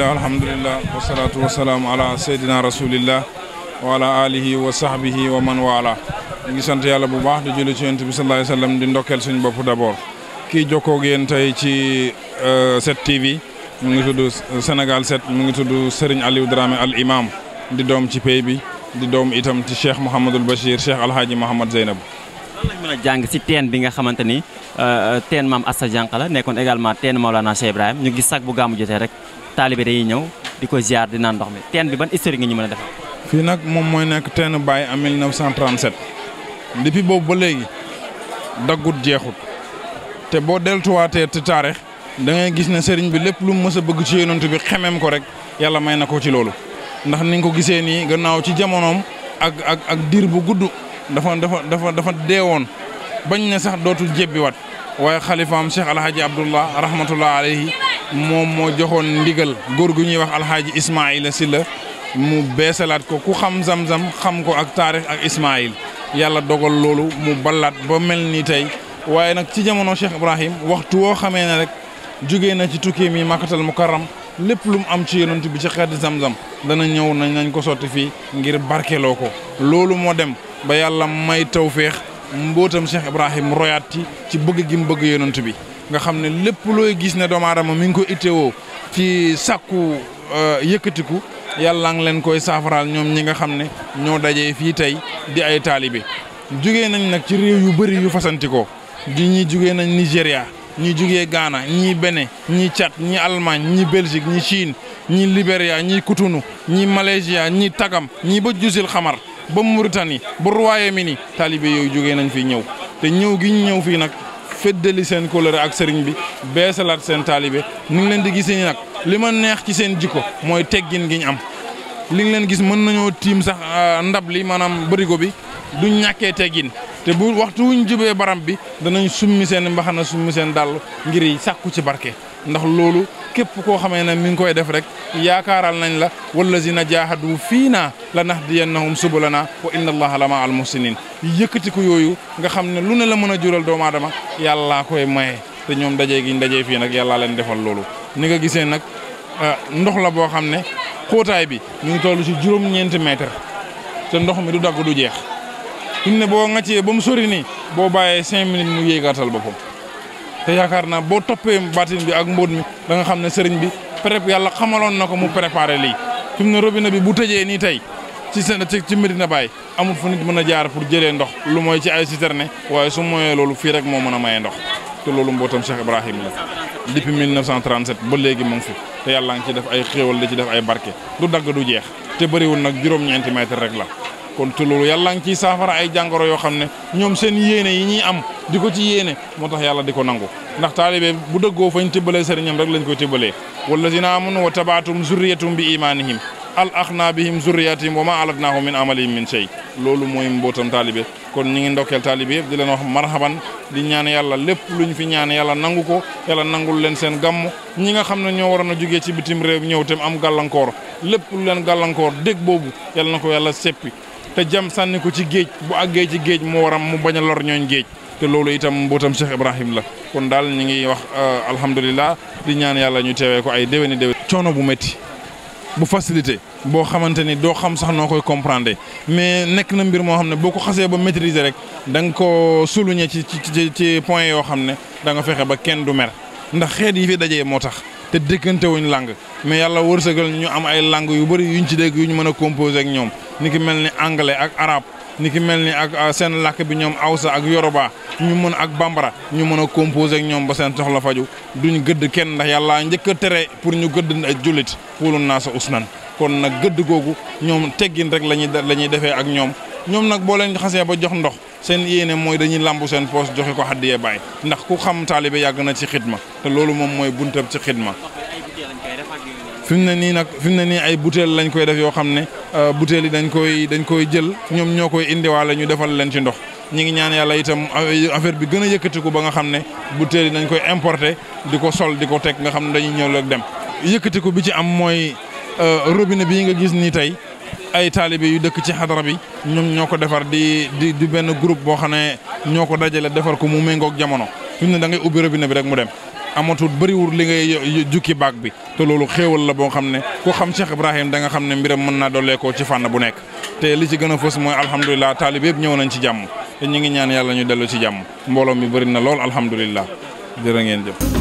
bisimilah alhamdulilah wasalaatu wasalaam ala sayyidina rasulillah wa ala alihi wa sahbihi wa man waala mu ngi sant yàlla bu baax di julli ci yonent bi sallallahu alayhi wa di ndokkeel suñu bopp d'abord kii jokkoo ak yéen tey ci 7TV euh, mu ngi tudd Sénégal set mu ngi tudd Serigne Aliou Dramé al imam di doom ci pay bi di doom itam ci Cheikh Mouhamadul Bachir Cheikh Alhaji Mouhamad Zeynab. lan lañ mën a jàng ci teen bi nga xamante ni euh, teen maam Assa Diankha la nekkoon également teen Maolana Cheikh Ibrahim ñu gis sax bu gàmmu jotee rek. taalibe day ñëw di ko ziar di naan ndox mi teen bi ban historique nga ñu mën a def. fii nag moom mooy nekk teen Baye en 1937 depuis boobu ba léegi daggut jeexut te boo deltuwaatee te taarix da ngay gis ne sëriñ bi lépp lu mu a bëgg ci yonent bi xemeem ko rek yàlla may na ko ci loolu ndax ni ko gisee nii gannaaw ci jamonoom ak ak ak diir bu gudd dafa dafa dafa dafa deewoon bañ ne sax dootul jébbiwaat waaye xalifaam Cheikh Alhaji Abdullah rahmatullah alayhi moom moo joxoon ndigal góor gu ñuy wax alxaaji Ismaayila la mu beesalaat ko ku xam zam-zam xam ko ak taarix ak Ismaayil yàlla dogal loolu mu ballaat ba mel ni tey waaye nag ci jamono Cheikh Ibrahim waxtu woo xamee ne rek jóge na ci tukki mi makkatal karam lépp lu mu am ci yonent bi ci xeeti zam-zam dana ñëw nañ nañ ko sotti fii ngir barkeloo ko loolu moo dem ba yàlla may tawféex mbootam Cheikh Ibrahim royaat ci ci bëgg gi mu bëgg yonent bi nga xam ne lépp looy gis ne doomu aadama mi ko itteewoo ci sàkku euh, yëkkatiku yàlla ngi leen koy saafaraal ñoom ñi nga xam ne ñoo dajee fii tey di ay taalibe jugee nañ nag ci réew yu bëri yu fasantikoo di ñii jugee nañ Nigéria ñii jugee Ghana ñii Bénin ñii Tchad ñii Allemagne ñii Belgique ñii Chine ñii Libéria ñii Cotonou ñii Malaysia ñii Tagam ñii ba Jusil Xamar ba Mauritanie ba Royaume-Uni taalibe yooyu jóge nañ fii ñëw te ñëw gi ñu ñëw fii nag. feddali seen kóllëre ak sëriñ bi beesalaat seen taalibe ni ngi leen di gisee ni nag li ma neex ci seen jikko mooy teggin gi ñu am li ngi leen gis mën nañoo tiim sax euh, ndab li maanaam bërigo bi du ñàkkee teggin te bu waxtu wuñ jubee baram bi danañ summi seen mbaxana summi seen dàll ngir yi sàkku ci barke ndax loolu képp koo xamee ne mi ngi koy def rek yaakaaral nañ la wallazina jaaxadu fii naa la nahdiyannahum subulana wa inna allaha la ma al yëkkati ku yooyu nga xam ne lu ne la mën a jural doomu aadama yàllaa koy maye te ñoom dajee gi ñu dajee fii nag yàllaa leen defal loolu ni nga gisee nag ah, ndox la boo xam ne xóotaay bi ñu ngi toll ci juróom-ñeenti mètre te ndox mi du dagg du jeex fi ne boo ŋàccee ba mu sori nii boo bàyyee cinq minutes mu yéegaatal boppam te yaakaar naa boo toppee baatin bi ak mbóot mi da nga xam ne sëriñ bi prép yàlla xamaloon na ko mu préparé lii fi ne robinet bi bu tëjee nii tey ci seen ci Medina Baye amul fu nit mën a jaar pour jëlee ndox lu mooy ci ay citerne waaye su mooyee loolu fii rek moo mën a maye ndox te loolu mbootam Cheikh Ibrahim la depuis 1937 ba léegi mu fi te yàlla nga ci def ay xéewal da ci def ay barke du dagg du jeex te bëriwul nag juróom-ñeenti mètre rek kon te loolu yàlla ngi saafara ay jàngoro yoo xam ne ñoom seen yéene yi ñuy am di ko ci yéene moo tax yàlla di ko nangu ndax taalibe bu dëggoo fañ tibbalee sëriñam rek lañ koy tibbalee wallazina amanu wa tabaatum zurriyatum bi imanihim al axnaa bihim zurriyatihim wa ma alatnaahu min amalihim min shay loolu mooy mbootam taalibe kon ñi ngi ndokkeel taalibe yëpp di leen wax marhaban di ñaan yàlla lépp luñ fi ñaan yàlla nangu ko yàlla nangul leen seen gàmm ñi nga xam ne ñoo waroon a jógee ci bitim réew ñëw tam am gàllankoor lépp lu leen gàllankoor dégg boobu yàlla te jam sànni ko ci géej bu àggee ci géej moo waram mu bañ a lor ñooñ géej te loolu itam mbootam Cheikh Ibrahim la kon daal ñu ngi wax euh, alhamdulilah di ñaan yàlla ñu teewee ko ay déwéni déwén. coono bu métti bu facilité boo xamante ni doo xam sax noo koy comprendre mais nekk na mbir moo xam ne boo ko xasee ba maîtriser rek danga nga ko souligner ci ci ci ci point yoo xam ne da nga fexe ba kenn du mer ndax xeet yi fi dajee moo tax. te dëkkante wuñ mais yàlla wërsëgal ñu am ay langue yu bëri yuñ ci dégg yuñ mën a composer ak ñoom. ni ki mel ni anglais ak arabe ni ki mel ni ak ah, seen làkk bi ñoom awsa ak yoroba ñu mën ak bambara ñu mën a composer ak ñoom ba seen soxla faju duñ gëdd kenn ndax yàlla njëkk tere pour ñu gëdd ak jullit puulu naa sa usnan kon nag gëdd googu ñoom teggin rek lañuy la ñuy defee ak ñoom ñoom nag boo leen xasee ba jox ndox seen yéene mooy dañuy làmbu seen poos joxe ko xaddiyee bàyyi ndax ku xam taalibe yàgg na ci xidma te loolu moom mooy buntab ci xidma fi mu ne nii nag fi mu ne nii ay butéel lañ koy def yoo xam ne Euh, butéel yi dañ koy dañ koy jël ñoom ñoo koy indiwaale ñu defal leen ci ndox ñi ngi ñaan yàlla itam affaire bi gën a yëkkatiku ba nga xam ne butéel yi dañ koy importé di ko sol di ko teg nga xam ne dañuy ñëw rek dem. yëkkatiku bi ci am mooy euh, robine bi bii nga gis nii tey ay taalibe yu dëkk ci xadara bi ñoom ñoo ko defar di di di benn groupe boo xam ne ñoo ko dajale defar ko mu méngoog jamono fi mu ne da ngay ubbi robinet bi rek mu dem. amatul bëriwul li ngay jukki baag bi te loolu xéewal la boo xam ne ku xam Cheikh Ibrahim da nga xam ne mbiram mën naa dooleekoo ci fànn bu nekk te li ci gën a fës mooy alhamdulilah taalib yëpp ñëw nañ ci jàmm te ñu ngi ñaan yàlla ñu dellu ci jàmm mbooloo mi bëri na lool alhamdulilah jërë ngeen jëf